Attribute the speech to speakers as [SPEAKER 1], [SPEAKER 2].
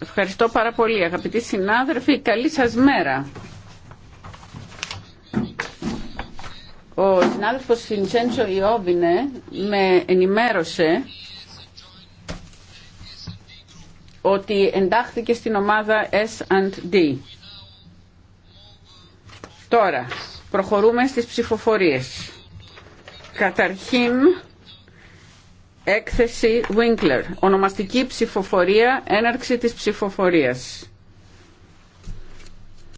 [SPEAKER 1] Ευχαριστώ πάρα πολύ αγαπητοί συνάδελφοι. Καλή σας μέρα. Ο συνάδελφος Φιντσέντσο Ιόβινε με ενημέρωσε ότι εντάχθηκε στην ομάδα S&D. Τώρα, προχωρούμε στις ψηφοφορίες. Καταρχήν, Έκθεση Winkler. Ονομαστική ψηφοφορία, έναρξη της ψηφοφορίας.